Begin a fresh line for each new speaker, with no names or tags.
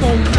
Don't